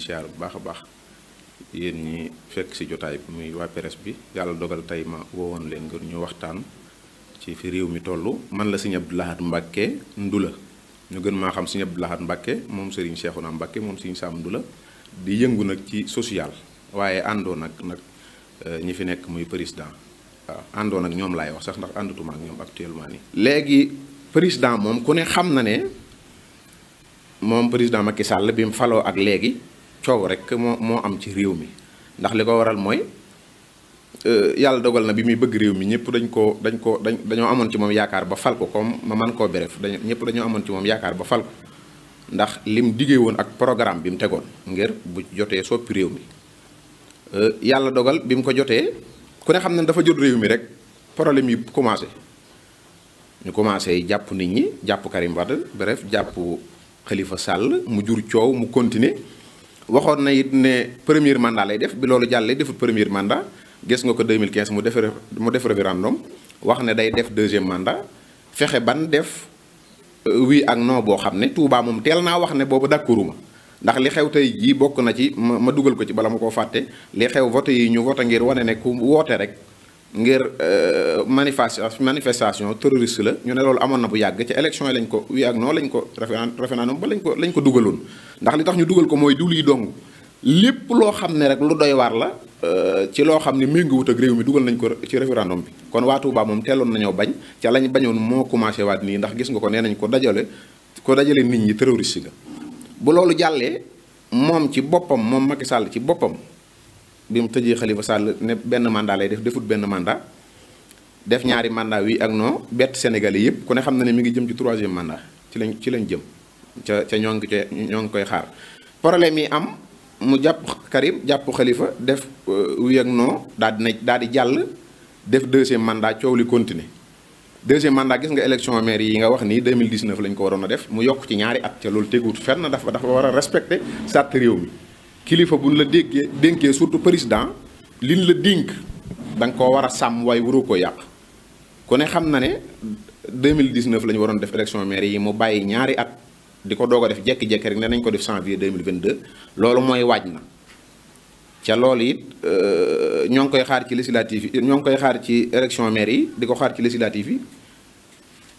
di siyaar bu baax a baax yéen ñi fekk ci jotaay bi muy waa presse bi yàlla dogal tey ma woowoon leen ngir ñu waxtaan ci fi réew mi toll man la si Abdou Lahad Mbacké ndula ñu gën maa xam si Abdou Lahad Mbacké moom sëriñ Cheikhouna Mbacké moom sëriñ Sam Ndoulo di yëngu nag ci social waaye àndoon nag nag eh, ñi fi nekk muy président waaw àndoon ak ñoom laay wax sax ndax àndatuma ak ñoom actuellement nii. léegi président moom ku ne xam na ne moom président Macky Sall bi mu faloo ak léegi. coow rek moo moo am ci réew mi ndax li ko waral mooy euh, yàlla dogal na bi muy bëgg réew mi ñëpp dañ ko dañ ko dañ dañoo amoon ci moom yaakaar ba fal ko comme ma man koo bref dañ ñëpp dañoo amoon ci moom yaakaar ba fal ko ndax lim diggee woon ak programme bi mu tegoon ngir bu jotee soppi réew mi euh, yàlla dogal bi mu ko jotee ku ne xam ne dafa jot réew mi rek problème yi commencé ñu commencé jàpp nit ñi jàpp Karim Wade bref jàpp Khalifa sàll mu jur coow mu continuer waxoon na it ne premier mandat lay def bi loolu jàllee defut première mandat gis nga ko 2015 mu def mu def référendum wax ne day def deuxième mandat fexe ban def euh, oui ak non boo xam ne Touba moom teel naa wax ne boobu ma ndax li xew tey jii bokk na ci ma dugal ko ci bala ma koo fàtte li xew vote yi ñu vote ngir wane ne ku woote rek ngir euh, manifestation manifestation terroriste la ñu ne loolu amoon na bu yàgg ci élection yi lañ ko oui ak non lañ ko référendum ba lañ ko lañ ko dugaloon ndax li tax ñu dugal ko mooy du lii dong lépp loo xam ne rek lu doy waar la euh, ci loo xam ne méngoowut ak réew mi dugal nañ ko ci référendum bi kon waa baa moom teeloon nañoo bañ ca lañ bañoon moo commencé waat nii ndax gis nga ko nee nañ ko dajale ko dajale nit ñi terroriste la bu loolu jàllee moom ci boppam moom Macky Sall ci boppam bi mu tëjee Khalifa Sall ne benn mandat lay def defut benn mandat def ñaari mandat wi ak noo bett Sénégalais yëpp ku ne xam na ne mi ngi jëm ci troisième mandat ci lañ ci lañ jëm ca ca ñoo ngi ca ñoo ngi koy xaar problème yi am mu jàpp Karim jàpp Khalifa def wi euh, ak daal di na daal di jàll def deuxième mandat coow li continuer deuxième mandat gis nga élection maire yi nga wax nii 2019 lañ ko waroon a def mu yokk ci ñaari at ca loolu teguut fenn dafa dafa war a respecter sàtt réew mi. kilifa buñ la déggee dénkee surtout président liñ la dink da nga koo war a sàmm waaye waroo ko yàq ku ne xam na ne 2019 la ñu waroon def élection maire yi mu bàyyi ñaari at di ko doog a def jekki-jekki rek ne nañ ko def san janvier 2022 loolu mooy waaj na ca loolu it euh, ñoo ngi koy xaar ci législative yi ñoo ngi koy xaar ci élection maire yi di ko xaar ci législative yi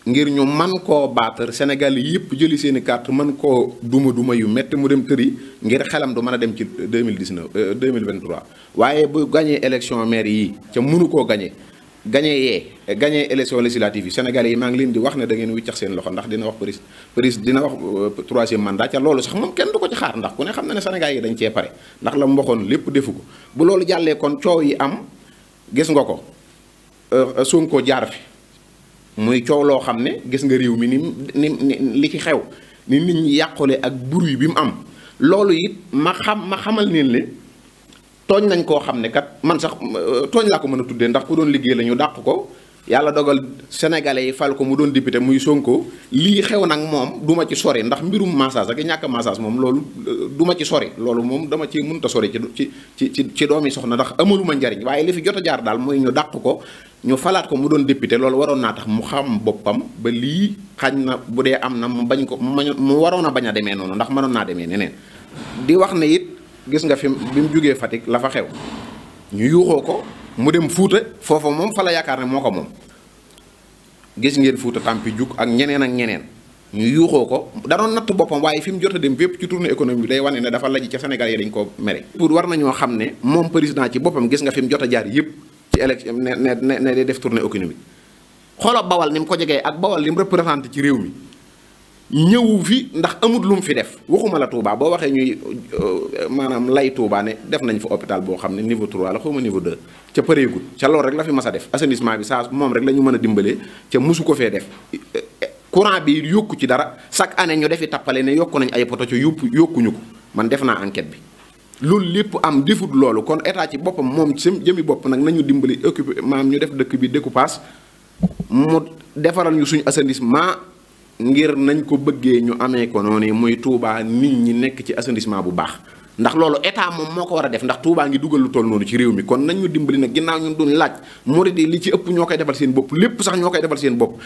ngir ñu man koo baatar Sénégal yëpp jëli seen i carte man koo duma duma yu métti mu dem tëri ngir xelam du mën a dem ci deux mille dix neuf euh, deux mille vingt trois waaye bu gañee élection maire yi ca mënu koo gañe gañe yee gañe élection législative yi Sénégal yi maa ngi leen di wax ne dangeen ngeen wiccax seen loxo ndax dina wax pris pris dina wax euh, troisième mandat ca loolu sax moom kenn du ko ci xaar ndax ku ne xam na ne Sénégal yi dañ cee pare ndax la mu waxoon lépp defu ko bu loolu jàllee kon coow yi am gis nga ko euh, Sonko jaar muy coow loo xam ne gis nga réew mi ni ni li ci xew ni nit ñi yàqule ak bruit bi mu am loolu it ma xam ma xamal ne le tooñ nañ koo xam ne kat man sax euh, tooñ laa ko mën a tuddee ndax ku doon liggéey la ñu dàq ko yàlla dogal sénégalais yi fal ko mu doon député muy Sonko lii xew nag moom du ma ci sori ndax mbirum massage ak ñàkk massage moom loolu euh, duma ci sori loolu moom dama ci mënta sori ci ci ci ci doomi soxna ndax amaluma njariñ waaye li fi jot a jaar daal mooy ñu dàq ko ñu falaat ko mu doon député loolu waroon naa tax mu xam boppam ba lii xaañ na bu dee am na mu bañ ko mu waroon a bañ a demee noonu ndax mënoon naa demee neneen di wax ne it gis nga fi bi mu jugee Fatick la xew ñu yuuxoo ko mu dem fuuta foofa moom fa la yaakaar ne moo ko moom gis ngeen fuuta tàmpi jug ak ñeneen ak ñeneen ñu yuuxoo ko danoon natt boppam waaye fi mu jot a dem bépp ci tournée économique bi day wane ne dafa laj ca Sénégal yi dañ ko mere pour war nañoo xam ne moom président ci boppam gis nga fi mu jot a jaar yëpp ci élection ne ne ne day def tournée économique xoolal bawal ni mu ko jegee ak bawal li mu représenté ci réew mi ñëw fi ndax amut lu mu fi def waxuma la tuubaa boo waxee ñuy euh, maanaam lay Touba ne def nañu fa hôpital boo xam ne niveau 3 la xaw ma niveau de ca pareegut ca loolu rek la fi mas a def assainissement bi saa moom rek la ñu mën a dimbalee ca mosu ko fee def courant bi yokku ci dara chaque année ñu defi tappale ne yokku nañ ay poto ca yópp yokkuñu ko man def naa enquête bi loolu lépp am defut loolu kon état ci boppam moom si jëmi bopp nag nañu dimbali occupé maam ñu def dëkk bi découpage mu defaral ñu suñu assainissement ngir nañ ko bëggee ñu amee ko noonu muy tuubaa nit ñi nekk ci assainissement bu baax ndax loolu état moom moo ko war a def ndax Touba ngi dugal lu toll noonu ci réew mi kon nañ ñu dimbali nag ginnaaw ñun duñ laaj murid yi li ci ëpp ñoo koy defal seen bopp lépp sax ñoo koy defal seen bopp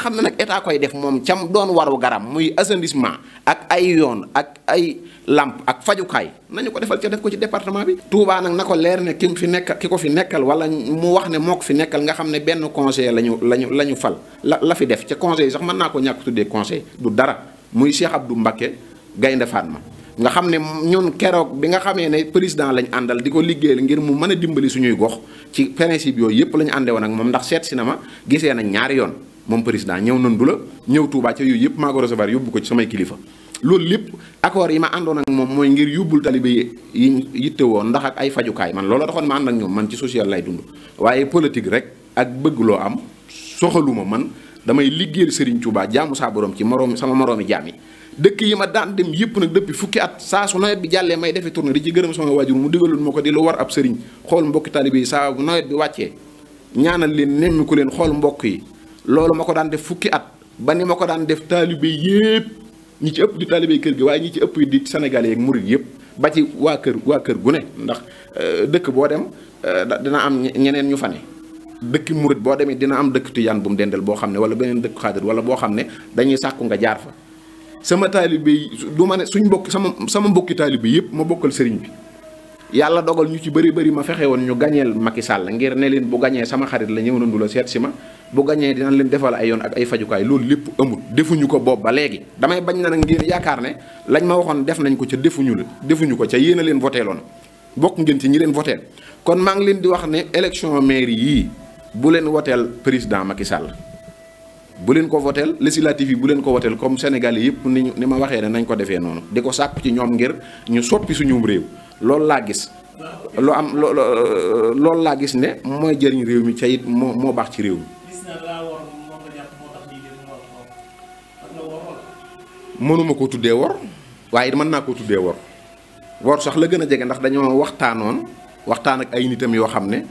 xam ne nag état koy def moom cam doon waru garam muy assainissement ak ay yoon ak ay lamp ak fajukaay nañu ko defal ca def ko ci département bi Touba nag na ko leer ne ki fi nekk ki ko fi nekkal wala mu wax ne moo ko fi nekkal nga xam ne benn conseil la ñu la ñu la ñu fal la la fi def ca conseil sax mën naa ko ñàkk tuddee conseil du dara muy Cheikh Abdou Mbacké Gaynde Fatma nga xam ne ñun keroog bi nga xamee ne président lañ àndal di ko liggéeyal ngir mu mën a dimbali suñuy gox ci principe yooyu yëpp la ñu àndewoon ak moom ndax seet si na ma gisee nañ ñaari yoon moom président ñëw nandu la ñëw Touba ca yooyu yëpp maa ko recevoir yóbbu ko ci samay kilifa. loolu lépp accord yi ma àndoon ak moom mooy ngir yóbbul talibe yi yitte woon ndax ak ay fajukaay man loolu taxoon ma ànd ak ñoom man ci social lay dund waaye politique rek ak bëgg loo am soxaluma man. damay liggéeyal Serigne Touba jaamu saa borom ci moroom sama moroomi jaam yi dëkk yi ma daan dem yëpp nag depuis fukki at saa su nawet bi jàllee may defi tournée di ci gërëm sama waajur mu digaloon ma ko di lu war ab sëriñ xool mbokki taalibe yi saa bu nawet bi wàccee ñaanal leen nemmiku leen xool mbokk yi loolu ma ko daan def fukki at ba ni ma ko daan def taalibe yépp ñi ci ëpp di taalibe kër gi waaye ñi ci ëpp di sénégalais ak murid yëpp ba ci waa kër waa kër gu ne ndax euh, dëkk boo dem euh, dina am ñeneen ñu fa dëkki murit boo demee dina am dëkk tijaan bu mu dendal boo xam ne wala beneen dëkk xaadir wala boo xam ne dañuy sàkku nga jaar fa sama taalibe yi du ma ne suñ mbokk sama sama mbokki taalibe yëpp ma bokkal sëriñ bi yàlla dogal ñu ci bëri bëri ma fexe woon ñu gañeel Macky Sall ngir ne leen bu gañee sama xarit la ñëw na du la seet si ma bu gañee dina leen defal ay yoon ak ay fajukaay loolu lépp amul defuñu ko boobu ba léegi damay bañ na nag ngeen yaakaar ne lañ ma waxoon def nañ ko ca defuñu la defuñu ko ca yéen a leen voteeloon bokk ngeen ci ñi leen voteel kon maa ngi leen di wax ne élection mairie yii bu leen woteel président Macky Sall bu leen ko woteel législative yi bu leen ko woteel comme Sénégal yëpp ni ñu ni ma waxee ne nañ ko defee noonu di ko sàkku ci ñoom ngir ñu soppi suñu réew loolu laa gis. lu am lo loolu laa gis ne mooy jëriñ réew mi ca it moo moo baax ci réew mi. mënuma ko tuddee wor waaye mën naa ko tuddee wor wor sax la gën a jege ndax dañoo waxtaanoon waxtaan ak ay nitam yoo xam ne.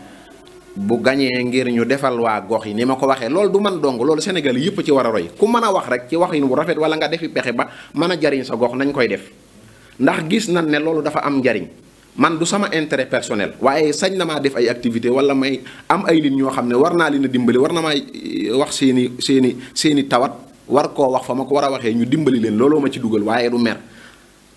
bu gañee ngir ñu defal waa gox yi ni ma ko waxee loolu du man dong loolu Sénégal yëpp ci war a roy ku mën a wax rek ci wax yi wu rafet wala nga defi pexe ba mën a jariñ sa gox nañ koy def ndax gis nañ ne loolu dafa am njariñ man du sama intérêt personnel waaye sañ na maa def ay activité wala may am ay nit ñoo xam ne war naa leen dimbali war na maa eh, wax seeni seeni seeni tawat war koo wax fa ma ko war a waxee ñu dimbali leen looloo ma ci dugal waaye du mer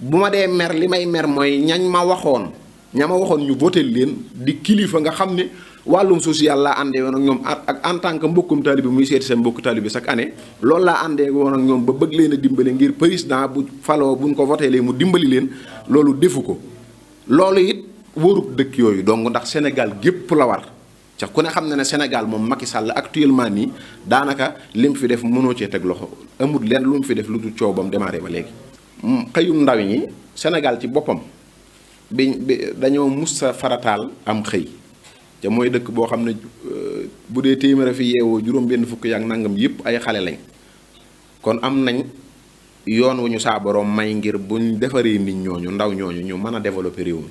bu ma dee mer li may mer mooy ñañ ma waxoon ña ma waxoon ñu voté leen di kilifa nga xam ne wàllum social laa àndee woon ak ñoom ak en tant que mbokkum taalibe muy seeti seen mbokku taalibe chaque année loolu laa àndee woon ak ñoom ba bëgg leen a dimbale ngir président bu faloo buñ ko voté lee mu dimbali leen loolu defu ko loolu it wóorub dëkk yooyu donc ndax Sénégal gépp la war ca ku ne xam na ne Sénégal moom Macky Sall actuellement nii daanaka lim fi def mënoo cee teg loxo amul lenn lu mu fi def lu dul coow ba mu démarré ba léegi. Mm, xëyum ndaw ñi Sénégal ci boppam bi dañoo mus a farataal am xëy. te mooy dëkk boo xam ne euh, bu dee téeméer a fi yeewoo juróom-benn fukk yaak nangam yëpp ay xale lañ kon am nañ yoon wu ñu saa borom may ngir buñ defaree nit ñooñu ndaw ñooñu ñu mën a développer réew mi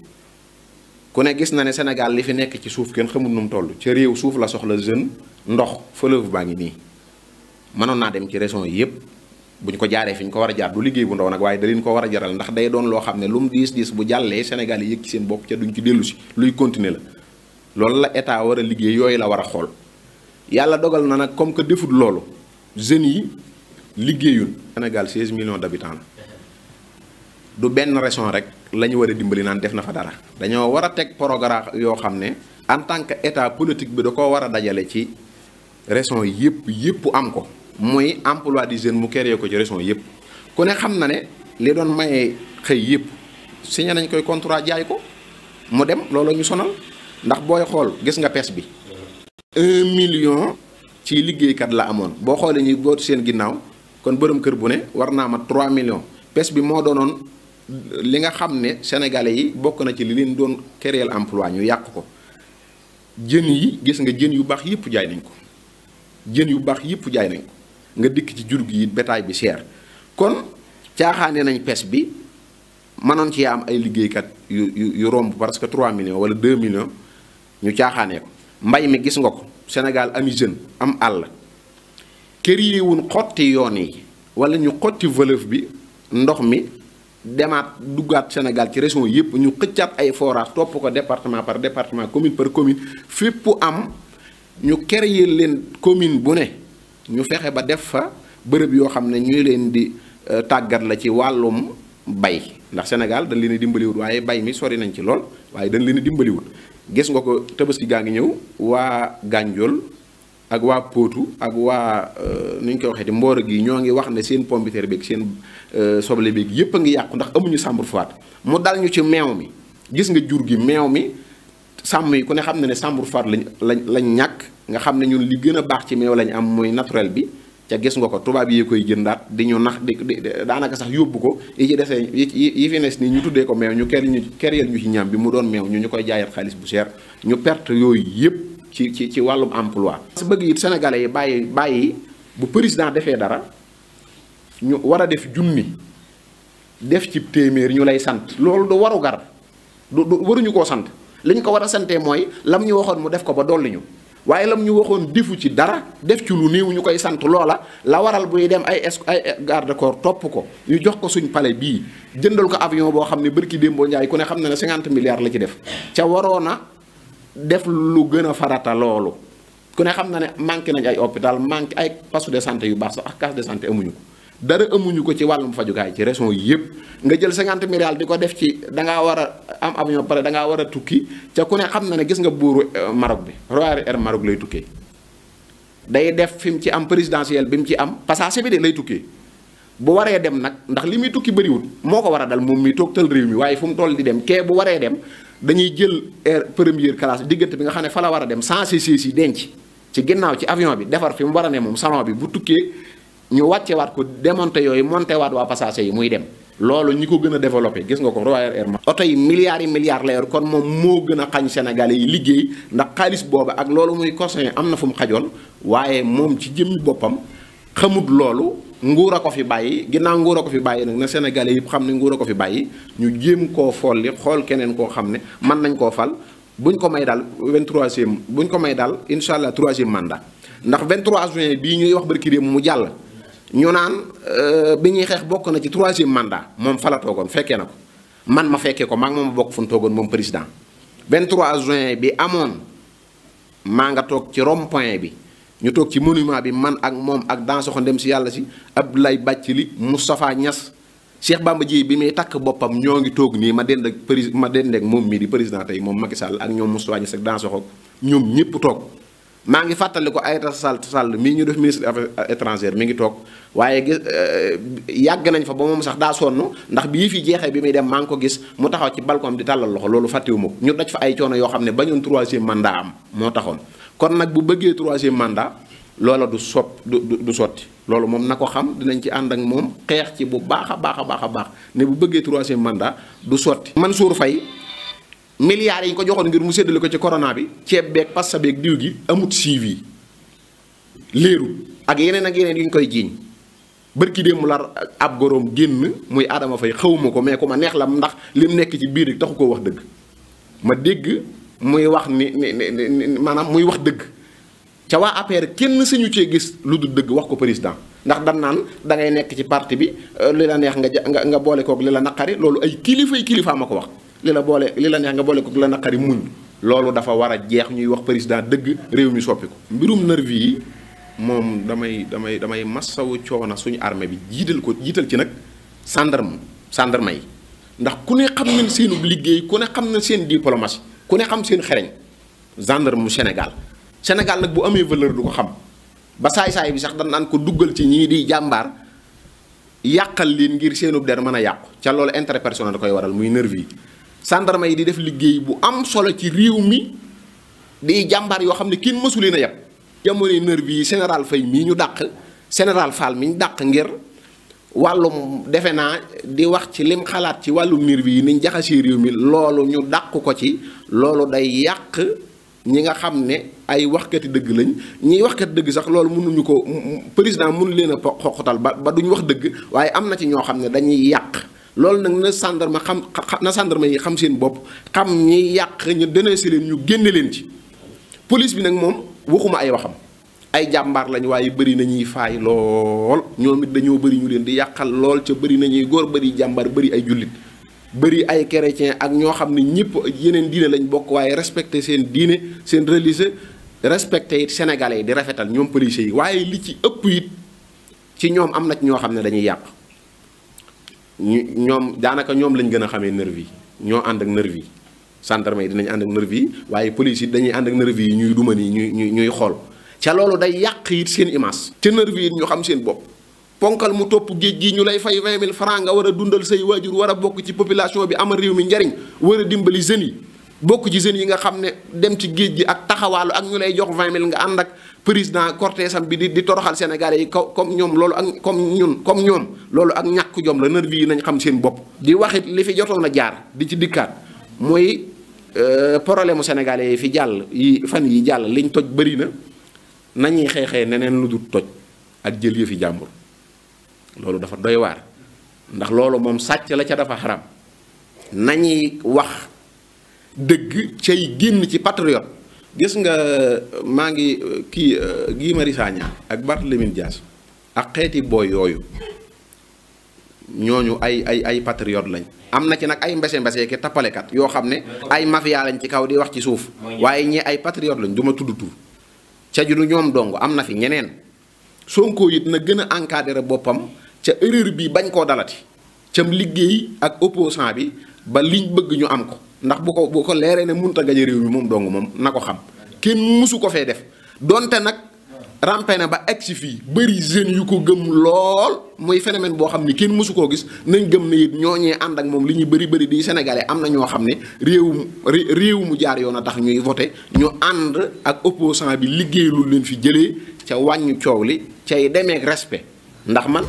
ku ne gis na ne senegal li fi nekk ci suuf kenn xamul nu mu toll ca réew suuf la soxla jeune ndox fleuve baa ngi nii mënoon naa dem ci régions yi yëpp bu ñu ko jaaree fi ko war a jaar du liggéey bu ndaw nag waaye da ko war a jaral ndax day doon loo xam ne lu mu diis diis bu jàllee Sénégal yi seen bopp ca duñ ci dellu si luy continuer la. loolu la état war a liggéey yooyu la war a xool yàlla dogal na nag comme que defut loolu jeunes yi liggéeyul Sénégal 16 millions d'habitants la du benn région rek la ñu war a dimbali naan def na fa dara dañoo war a teg programme yoo xam ne en tant que état politique bi da koo war a dajale ci région yëpp yëpp am ko mooy emploi des jeunes mu créé ko ci région yëpp ku ne xam na ne li doon maye xëy yëpp signé nañ koy contrat jaay ko mu dem loolu ñu sonal ndax booy xool gis nga pes bi un million ci liggéeykat la amoon boo xoolee ñuy bootu seen ginnaaw kon borom kër bu ne war naa ma 3 millions pes bi moo doonoon li nga xam ne sénégalais yi bokk na ci li leen doon créer emploi ñu yàq ko jën yi gis nga jën yu baax yëpp jaay nañ ko jën yu baax yëpp jaay nañ ko nga dikk ci jur gi betaay bi cher kon caaxaane nañ pes bi mënoon ci am ay liggéeykat yu yu yu romb parce que 3 millions wala 2 millions ñu caaxaanee ko mbay mi gis nga ko Sénégal ami jeune am àll kër yi xotti yoon yi wala ñu xotti fleuve bi ndox mi demaat duggaat Sénégal ci région yëpp ñu xëccaat ay forage topp ko département par département commune par commune fépp am ñu créer leen commune bu ne ñu fexe ba def fa bërëb yoo xam ne ñu leen di euh, tàggat la ci wàllum bay ndax Sénégal dañ leen a dimbaliwut waaye bay mi sori nañ ci lool waaye dañ leen a dimbaliwut gis nga ko tabaski gaa ngi ñëw waa Gànjool ak waa Potou ak waa euh, nu ñu koy waxee di mboor gi ñoo ngi wax ne seen pompiteer beeg seen euh, soble beeg yépp a ngi yàqu ndax amuñu chambre froide mu dal ñu ci meew mi gis nga jur gi meew mi sàmm yi ku ne xam ne ne chambre froide lañ lañ lañ ñàkk nga xam ne ñu li gën a baax ci meew lañ am mooy naturel bi ca gis nga ko tubaab yi koy jëndaat di ñu nax di daanaka sax yóbbu ko yi ci desee yi fi nes nii ñu tuddee ko meew ñu ker ñu keryal ñu ci ñam bi mu doon meew ñu ñu koy jaayat xaalis bu cher ñu perte yooyu yëpp ci ci ci wàllum emploi si bëgg it sénégalais yi bàyyi bàyyi bu président defee dara ñu war a def junni def ci téeméer ñu lay sant loolu du waru gar du waruñu ko sant li ñu ko war a santee mooy lam ñu waxoon mu def ko ba dolli ñu waaye lam ñu waxoon defu ci dara def ci lu néew ñu koy sant loola la waral buy dem ay es ay garde topp ko ñu jox ko suñ palais bii jëndal ko avion boo xam ne bërki démboo njaay ku ne xam na ne 50 milliards la ci def ca waroon a def lu gën a farata loolu ku ne xam na ne manqué nañ ay hôpital manqué ay poste de santé yu baax sax ak case de santé amuñu ko dara amuñu ko ci wàllum fajukaay ci régions yëpp nga jël 50 milliards di ko def ci da war a am avion pare da war a tukki ca ku ne xam na ne gis nga buuru euh, Maroc bi Royal Air Maroc lay tukkee day def fi mu ci am présidentiel bi mu ci am passage bi de lay tukkee bu waree dem nag ndax li muy tukki bëriwul moo ko war a dal moom mi toog tal réew mi waaye fu mu toll di dem kee bu waree dem dañuy jël air première classe diggante bi nga xam ne fa la war a dem sans si denc ginnaaw ci avion bi defar mu war a salon bi bu tukkee. ñu wàcce waat ko démonté yooyu monté waat waa passager yi muy dem loolu ñi ko gën a développé gis nga ko Royal Air ma oto yi milliards yi milliards la yor kon moom moo gën a xañ Sénégalais yi liggéey ndax xaalis booba ak loolu muy conseillé am na fu mu xajoon waaye moom ci jëmmi boppam xamut loolu nguur a ko fi bàyyi ginnaaw nguur a ko fi bàyyi nag na Sénégalais yëpp xam ne nguur a ko fi bàyyi ñu jéem koo folli xool keneen koo xam ne man nañ koo fal buñ ko may daal 23e buñ ko may daal incha allah troisième mandat ndax 23 juin bii ñuy wax barki réew mu jàll. ñu naan euh, bi ñuy xeex bokk na ci troisième manda moom fa la toogoon fekkee na ko man ma fekkee ko maa ngi moom bokk fu mu toogoon moom président 23 juin bi amoon maa nga toog ci rond point bi ñu toog ci monument bi man ak moom ak Dansokho dem si yàlla si Abdoulaye Bathily Moustapha Niass Cheikh Bamba Dièye bi muy takk boppam ñoo ngi toog nii ma dend ak prési ma dend ak moom mii di président tey moom Macky ak ñoom Moustapha Niass ak Dansokho ñoom ñëpp toog. maa ngi fàttali ko Aïssata Sall Sall mii ñu def ministre des affaires étrangères mi ngi toog waaye gis euh, yàgg nañ fa ba moom sax daa sonn ndax bii fi jeexee bi muy dem maa ngi ko gis mu taxaw ci balcon di tàllal loxo loolu fàttewu ma ko ñu daj fa ay coono yoo xam ne bañoon troisième mandat am moo taxoon kon nag bu bëggee troisième mandat loola du sop du du sotti loolu moom na ko xam dinañ ci ànd ak moom xeex ci bu baax a baax a baax a baax ne bu bëggee troisième mandat du sotti Mansour Faye milliards yi ñu ko joxoon ngir mu séddale ko ci corona bi ceeb beeg pasta beeg diw gi amut suivi léeru ak yeneen ak yeneen yu ñu koy jiiñ bërki mu la ab goroom génn muy Adama Faye xawma ko mais ku ma neex la ndax lim nekk ci biir taxu koo wax dëgg ma dégg muy wax ni ni maanaam muy wax dëgg ca waa APR kenn suñu cee gis lu dul dëgg wax ko président ndax dan naan da ngay nekk ci parti bi euh, li la neex nga nga boole koog li la naqari loolu ay kilifay kilifaa ma ko wax li la boole li la neex nga boole ko la naqari muñ loolu dafa war a jeex ñuy wax président dëgg réew mi soppi ko mbirum nervi yi moom damay damay damay massawu coono suñu armée bi jiital ko jiital ci nag gendarme gendarme yi ndax ku ne xam nañ seenu liggéey ku ne xam na seen diplomatie ku ne xam seen xereñ gendarme mu Sénégal Sénégal nag bu amee valeur du ko xam ba saay-saay bi sax dañ naan ko duggal ci ñii di jàmbaar yàqal leen ngir seenub der mën a yàqu ca loolu intérêt da koy waral muy nervi gendarme yi di def liggéey bu am solo ci réew mi di jàmbaar yoo xam ne kenn mësu leen a yab jamonoy nervi yi général Faye mii ñu dàq général Fall mi ñu dàq ngir wàllum defe naa di wax ci lim xalaat ci wàllum nervi yi niñ jaxasee réew mi loolu ñu dàq ko ci loolu day yàq ñi nga xam ne ay waxkati dëgg lañ ñiy waxkati dëgg sax loolu mënuñu ko président mënu leen a xoxotal ba ba duñ wax dëgg waaye am na ci ñoo xam ne dañuy yàq loolu nag na sàndarma xam na sàndarma yi xam seen bopp xam ñi yàq ñu dénoncé leen ñu génne leen ci police bi nag moom waxuma ay waxam ay jàmbaar lañu waaye bëri nañuy faay lool ñoom it dañoo bëri ñu leen di yàqal lool ca bëri nañuy góor bëri jàmbar bëri ay jullit bëri ay chrétien ak ñoo xam ne ñëpp yeneen diine lañ bokk waaye respecté seen diine seen religieux respecté it sénégalais yi di rafetal ñoom policiers yi waaye li ci ëpp it ci ñoom am nag ñoo xam ne dañuy yàq ñu ñoom daanaka ñoom lañ gën a xamee nervi yi ñoo ànd ak nervi yi gendarme yi dinañ ànd ak nervi yi waaye police yi dañuy ànd ak nervi yi ñuy duman yi ñuy ñuy xool ca loolu day yàq it seen image te nervi yi ñu xam seen bopp ponkal mu topp géej gi ñu lay fay 20 000 francs nga war a dundal say waajur war a bokk ci population bi amal réew mi njariñ war a dimbali jeunes yi bokk ci jeunes yi nga xam ne dem ci géej gi ak taxawaalu ak ñu lay jox vingt mille nga ànd ak président cortège am bi di di toroxal Sénégalais yi comme ñoom loolu ak comme ñun comme ñoom loolu ak ñàkk jom la nervi yi nañ xam seen bopp. di waxit li fi jotoon a jaar di ci dikkaat mooy euh, problème mu yi fi jàll yi fan yi jàll liñ toj bëri na nañuy xeexee neneen lu dul toj ak jël fi jàmbur loolu dafa doy waar ndax loolu moom sàcc la ca dafa xaram nañuy wax. dëgg cay génn ci patriote gis nga euh, maa ngi euh, kii euh, Guy Marius Sagna ak Barthélémy Dias ak xeeti booy yooyu ñooñu ay ay ay patriote lañ am na ci nag ay mbese mbese ki tappalekat yoo xam ne ay mafia lañ ci kaw di wax ci suuf waaye ñee ay patriote lañ duma ma tudd ca ju ñoom dong am na fi ñeneen Sonko it na gën a encadrer boppam ca erreur bii bañ koo dalati cam liggéey ak opposant bi ba liñ bëgg ñu am ko ndax bu ko bu ko leeree ne mënut a réew mi moom dong moom na ko xam kenn mësu ko fee def donte nag rampe na ba egg si fii bëri jeunes yu ko gëm lool muy phénomène boo xam ni kenn mësu koo gis nañ gëm ne ñoo ñooñee ànd ak moom li ñuy bëri bëri di sénégalais am na ñoo xam ne réew mu jaar yoon a tax ñuy voté ñu ànd ak opposant bi liggéey lu leen fi jëlee ca wàññi coow li cay demeek respect ndax man.